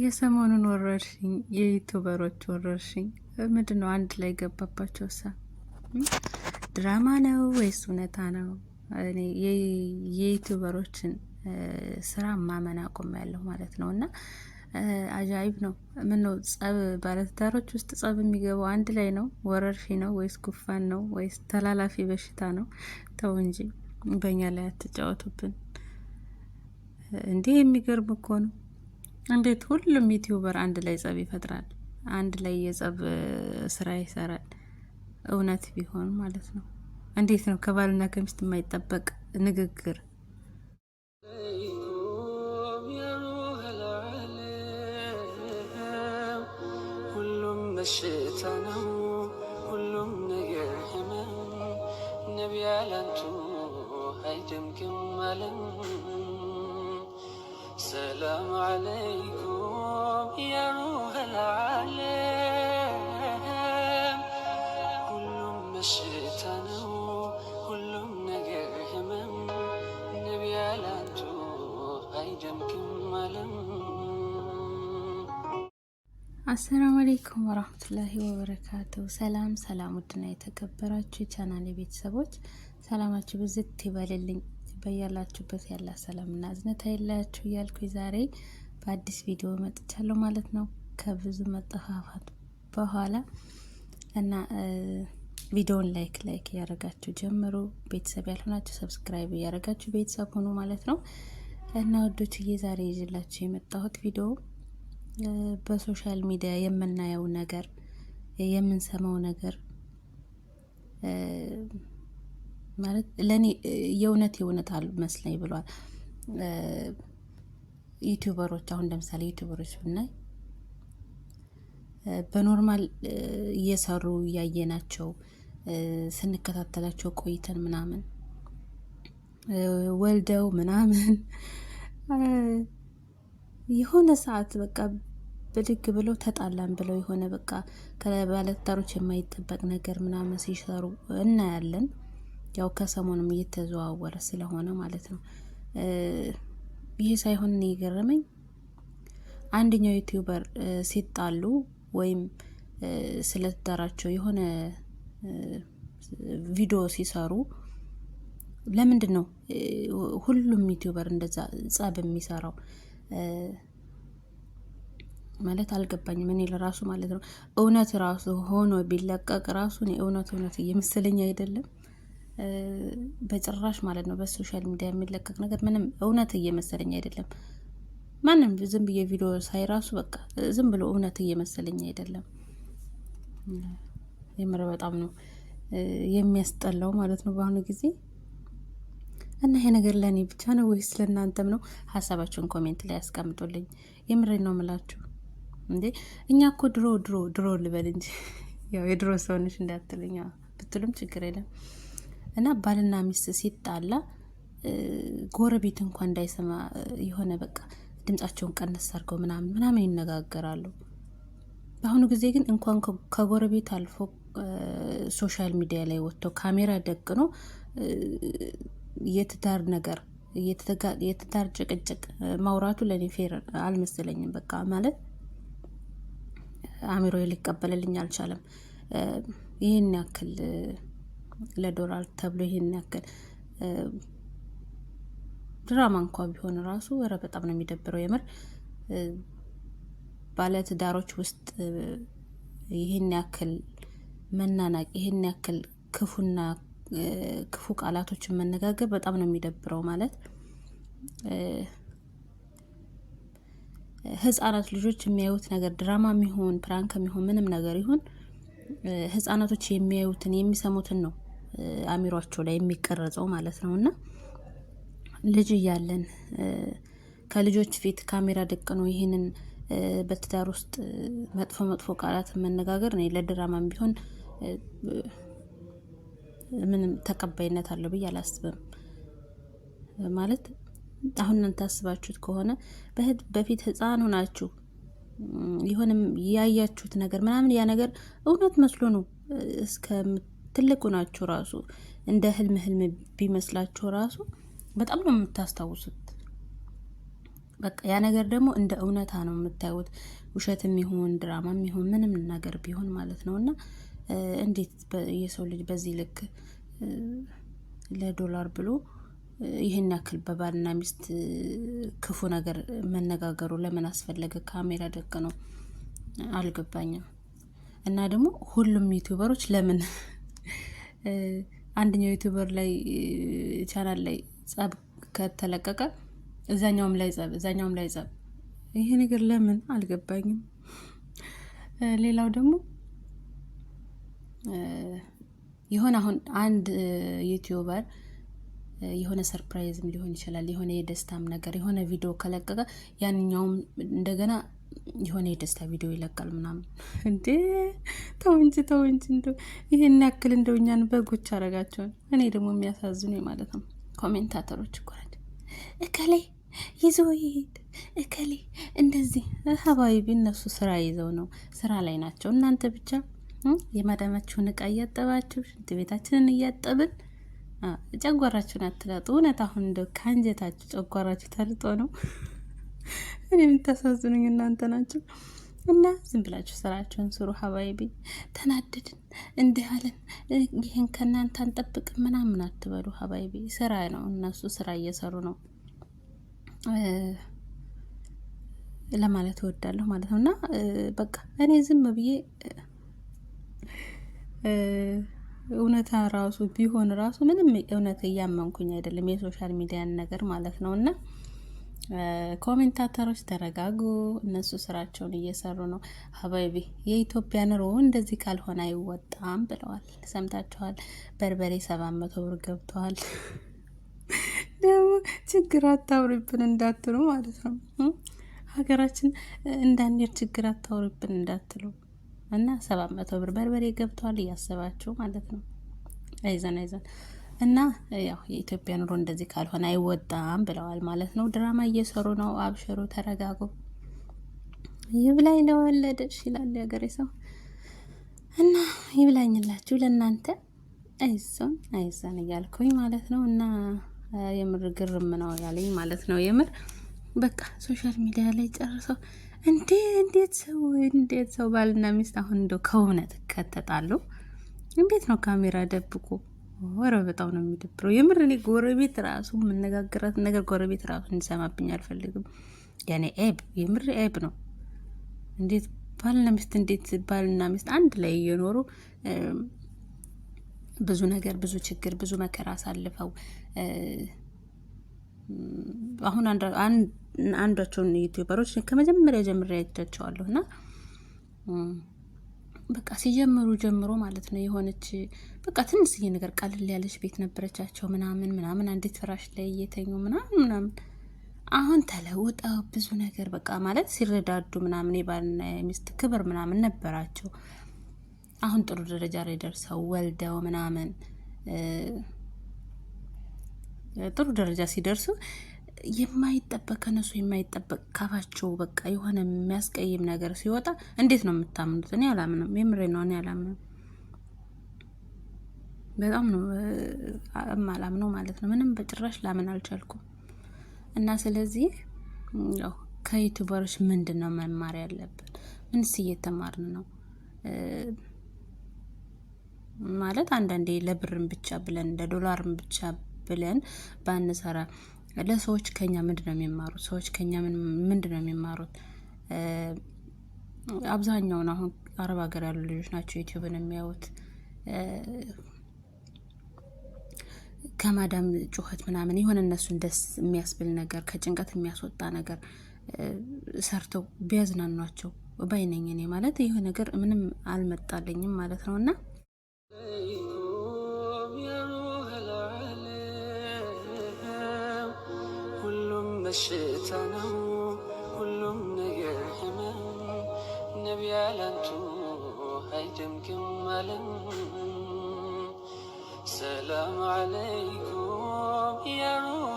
የሰሞኑን ወረርሽኝ የዩቱበሮች ወረርሽኝ ምንድን ነው? አንድ ላይ ገባባቸው። ሳ ድራማ ነው ወይስ እውነታ ነው? የዩቱበሮችን ስራ ማመን ያለሁ ማለት ነው። እና አጃይብ ነው። ምን ነው ጸብ፣ ባለትዳሮች ውስጥ ጸብ የሚገባው አንድ ላይ ነው? ወረርሽኝ ነው ወይስ ጉፋን ነው ወይስ ተላላፊ በሽታ ነው? ተው እንጂ በእኛ ላይ አትጫወቱብን። እንዲህ የሚገርም እኮ ነው። እንዴት ሁሉም ዩቲዩበር አንድ ላይ ጸብ ይፈጥራል፣ አንድ ላይ የጸብ ስራ ይሰራል። እውነት ቢሆን ማለት ነው። እንዴት ነው ከባልና ከሚስት የማይጠበቅ ንግግር? ሁሉም በሽታ ነው፣ ሁሉም ነገር ህመም። አይደምግም አለም ሰላም አለይኩም ያ ሩሐል ዓለም። ሁሉም በሽታ ነው፣ ሁሉም ነገር ህመም። ነቢ ያላንቱ አይደምቅም ዓለም። አሰላሙ አለይኩም ወራህመቱላሂ ወበረካቱ። ሰላም ሰላም! ውድና የተከበራችሁ ቻናል ቤተሰቦች ሰላማችሁ ብዝት ይበልልኝ። በያላችሁበት ያለ ሰላምና እዝነት አይለያችሁ እያልኩኝ ዛሬ በአዲስ ቪዲዮ መጥቻለሁ ማለት ነው። ከብዙ መጠፋፋት በኋላ እና ቪዲዮን ላይክ ላይክ እያደረጋችሁ ጀምሩ። ቤተሰብ ያልሆናችሁ ሰብስክራይብ እያደረጋችሁ ቤተሰብ ሆኑ ማለት ነው። እና ወዶችዬ ዛሬ ይዤላችሁ የመጣሁት ቪዲዮ በሶሻል ሚዲያ የምናየው ነገር የምንሰማው ነገር ማለት ለእኔ የእውነት የእውነት አልመስለኝ ብሏል። ዩቱበሮች አሁን ለምሳሌ ዩቱበሮች ብናይ በኖርማል እየሰሩ እያየናቸው ስንከታተላቸው ቆይተን ምናምን ወልደው ምናምን የሆነ ሰዓት በቃ ብድግ ብለው ተጣላን ብለው የሆነ በቃ ከባለትዳሮች የማይጠበቅ ነገር ምናምን ሲሰሩ እናያለን። ያው ከሰሞኑም እየተዘዋወረ ስለሆነ ማለት ነው። ይህ ሳይሆን እኔ የገረመኝ አንደኛው ዩቲዩበር ሲጣሉ ወይም ስለ ትዳራቸው የሆነ ቪዲዮ ሲሰሩ ለምንድን ነው ሁሉም ዩቲዩበር እንደዛ ጸብ የሚሰራው? ማለት አልገባኝም። እኔ ለራሱ ማለት ነው እውነት ራሱ ሆኖ ቢለቀቅ ራሱ እውነት እውነት እየመሰለኝ አይደለም። በጭራሽ ማለት ነው። በሶሻል ሚዲያ የሚለቀቅ ነገር ምንም እውነት እየመሰለኝ አይደለም። ማንም ዝም ብዬ ቪዲዮ ሳይ ራሱ በቃ ዝም ብሎ እውነት እየመሰለኝ አይደለም። የምር በጣም ነው የሚያስጠላው ማለት ነው በአሁኑ ጊዜ እና ይሄ ነገር ለእኔ ብቻ ነው ወይስ ለእናንተም ነው? ሀሳባችሁን ኮሜንት ላይ ያስቀምጡልኝ። የምሬ ነው ምላችሁ እንዴ እኛ እኮ ድሮ ድሮ ድሮ ልበል እንጂ ያው የድሮ ሰውነች እንዳትሉኝ ብትሉም ችግር የለም። እና ባልና ሚስት ሲጣላ ጎረቤት እንኳን እንዳይሰማ የሆነ በቃ ድምጻቸውን ቀነስ አድርገው ምናምን ምናምን ይነጋገራሉ። በአሁኑ ጊዜ ግን እንኳን ከጎረቤት አልፎ ሶሻል ሚዲያ ላይ ወጥቶ ካሜራ ደቅኖ የትዳር ነገር የትዳር ጭቅጭቅ ማውራቱ ለእኔ ፌር አልመሰለኝም። በቃ ማለት አሚሮ ሊቀበልልኝ አልቻለም ይህን ያክል ለዶላር ተብሎ ይህን ያክል ድራማ እንኳ ቢሆን ራሱ ኧረ በጣም ነው የሚደብረው። የምር ባለትዳሮች ውስጥ ይህን ያክል መናናቅ፣ ይህን ያክል ክፉና ክፉ ቃላቶችን መነጋገር በጣም ነው የሚደብረው። ማለት ህጻናት ልጆች የሚያዩት ነገር ድራማ የሚሆን ፕራንክ የሚሆን ምንም ነገር ይሁን ህጻናቶች የሚያዩትን የሚሰሙትን ነው አሚሯቸው ላይ የሚቀረጸው ማለት ነው። እና ልጅ እያለን ከልጆች ፊት ካሜራ ደቅኖ ይህንን በትዳር ውስጥ መጥፎ መጥፎ ቃላት መነጋገር እኔ ለድራማም ቢሆን ምንም ተቀባይነት አለው ብዬ አላስብም። ማለት አሁን እናንተ አስባችሁት ከሆነ በፊት ህፃኑ ናችሁ የሆነም ያያችሁት ነገር ምናምን ያ ነገር እውነት መስሎ ነው እስከ ትልቁ ናችሁ ራሱ እንደ ህልም ህልም ቢመስላችሁ ራሱ በጣም ነው የምታስታውሱት። በቃ ያ ነገር ደግሞ እንደ እውነታ ነው የምታዩት። ውሸትም ይሁን ድራማም ይሁን ምንም ነገር ቢሆን ማለት ነው። እና እንዴት የሰው ልጅ በዚህ ልክ ለዶላር ብሎ ይህን ያክል በባልና ሚስት ክፉ ነገር መነጋገሩ ለምን አስፈለገ? ካሜራ ደቅ ነው አልገባኝም። እና ደግሞ ሁሉም ዩቲዩበሮች ለምን አንደኛው ዩቱበር ላይ ቻናል ላይ ጸብ ከተለቀቀ እዛኛውም ላይ ጸብ፣ እዛኛውም ላይ ጸብ። ይሄ ነገር ለምን አልገባኝም። ሌላው ደግሞ የሆነ አሁን አንድ ዩቲዩበር የሆነ ሰርፕራይዝም ሊሆን ይችላል የሆነ የደስታም ነገር የሆነ ቪዲዮ ከለቀቀ ያንኛውም እንደገና የሆነ የደስታ ቪዲዮ ይለቃል ምናምን። እንዴ ተው እንጂ ተው እንጂ እንደ ይህን ያክል እንደው እኛን በጎች አረጋቸውን። እኔ ደግሞ የሚያሳዝኑ ማለት ነው ኮሜንታተሮች እኮ ናቸው። እከሌ ይዞ ይሄድ እከሌ እንደዚህ ሀባይቢ። እነሱ ስራ ይዘው ነው ስራ ላይ ናቸው። እናንተ ብቻ የማዳማችሁን እቃ እያጠባችሁ ሽንት ቤታችንን እያጠብን ጨጓራችሁን አትላጡ። እውነት አሁን እንደው ከአንጀታችሁ ጨጓራችሁ ተልጦ ነው እኔ የምታሳዝኑኝ እናንተ ናቸው። እና ዝም ብላችሁ ስራችሁን ስሩ። ሀባይቢ ተናደድን እንዲህ አለን ይህን ከእናንተ አንጠብቅ ምናምን አትበሉ። ሀባይቢ ስራ ነው፣ እነሱ ስራ እየሰሩ ነው ለማለት እወዳለሁ ማለት ነው። እና በቃ እኔ ዝም ብዬ እውነታ ራሱ ቢሆን ራሱ ምንም እውነት እያመንኩኝ አይደለም የሶሻል ሚዲያን ነገር ማለት ነው እና ኮሜንታተሮች ተረጋጉ። እነሱ ስራቸውን እየሰሩ ነው። ሀባይቢ የኢትዮጵያ ኑሮ እንደዚህ ካልሆነ አይወጣም ብለዋል። ሰምታችኋል። በርበሬ ሰባት መቶ ብር ገብተዋል። ደግሞ ችግር አታውሪብን እንዳትሉ ማለት ነው። ሀገራችን እንዳንዴር ችግር አታውሪብን እንዳትሉ እና ሰባት መቶ ብር በርበሬ ገብተዋል እያሰባችሁ ማለት ነው። አይዘን አይዘን እና ያው የኢትዮጵያ ኑሮ እንደዚህ ካልሆነ አይወጣም ብለዋል ማለት ነው። ድራማ እየሰሩ ነው። አብሽሩ፣ ተረጋጉ። ይብላኝ ለወለደሽ ይላል የሀገሬ ሰው እና ይብላኝላችሁ ለእናንተ አይዞን አይዞን እያልኩኝ ማለት ነው። እና የምር ግርም ነው ያለኝ ማለት ነው። የምር በቃ ሶሻል ሚዲያ ላይ ጨርሰው እንዴ እንዴት ሰው እንዴት ሰው ባልና ሚስት አሁን እንደው ከእውነት ከተጣሉ እንዴት ነው ካሜራ ደብቁ ወረ በጣም ነው የሚደብረው የምር። እኔ ጎረቤት ራሱ የምነጋገራት ነገር ጎረቤት ራሱ እንዲሰማብኝ አልፈልግም። ያኔ ኤብ የምር ኤብ ነው። እንዴት ባልና ሚስት እንዴት ባልና ሚስት አንድ ላይ እየኖሩ ብዙ ነገር ብዙ ችግር ብዙ መከራ አሳልፈው አሁን አንዷቸውን ዩቲዩበሮች ከመጀመሪያ ጀምሬ አይቻቸዋለሁ እና በቃ ሲጀምሩ ጀምሮ ማለት ነው የሆነች በቃ ትንሽዬ ነገር ቀልል ያለች ቤት ነበረቻቸው ምናምን ምናምን አንዴት ፍራሽ ላይ እየተኙ ምናምን ምናምን አሁን ተለውጠው ብዙ ነገር በቃ ማለት ሲረዳዱ ምናምን የባልና የሚስት ክብር ምናምን ነበራቸው። አሁን ጥሩ ደረጃ ላይ ደርሰው ወልደው ምናምን ጥሩ ደረጃ ሲደርሱ የማይጠበቅ ከነሱ የማይጠበቅ ካፋቸው በቃ የሆነ የሚያስቀይም ነገር ሲወጣ እንዴት ነው የምታምኑት? እኔ አላምንም። የምሬ ነው። እኔ አላምንም። በጣም ነው የማላምነው ማለት ነው። ምንም በጭራሽ ላምን አልቻልኩም። እና ስለዚህ ያው ከዩቱበሮች ምንድን ነው መማር ያለብን? ምንስ እየተማርን ነው? ማለት አንዳንዴ ለብርን ብቻ ብለን ለዶላርን ብቻ ብለን ባንሰራ ለሰዎች ከኛ ምንድን ነው የሚማሩት? ሰዎች ከኛ ምንድን ነው የሚማሩት? አብዛኛውን አሁን አረብ ሀገር ያሉ ልጆች ናቸው ዩቲዩብን የሚያዩት። ከማዳም ጩኸት ምናምን የሆነ እነሱን ደስ የሚያስብል ነገር ከጭንቀት የሚያስወጣ ነገር ሰርተው ቢያዝናኗቸው ባይነኝ እኔ ማለት ይህ ነገር ምንም አልመጣለኝም ማለት ነው እና በሽታ ነው ሁሉም ነገር ህመም ነቢ ያላንቱ አይደምግም አለም። ሰላም አለይኩም ያሩ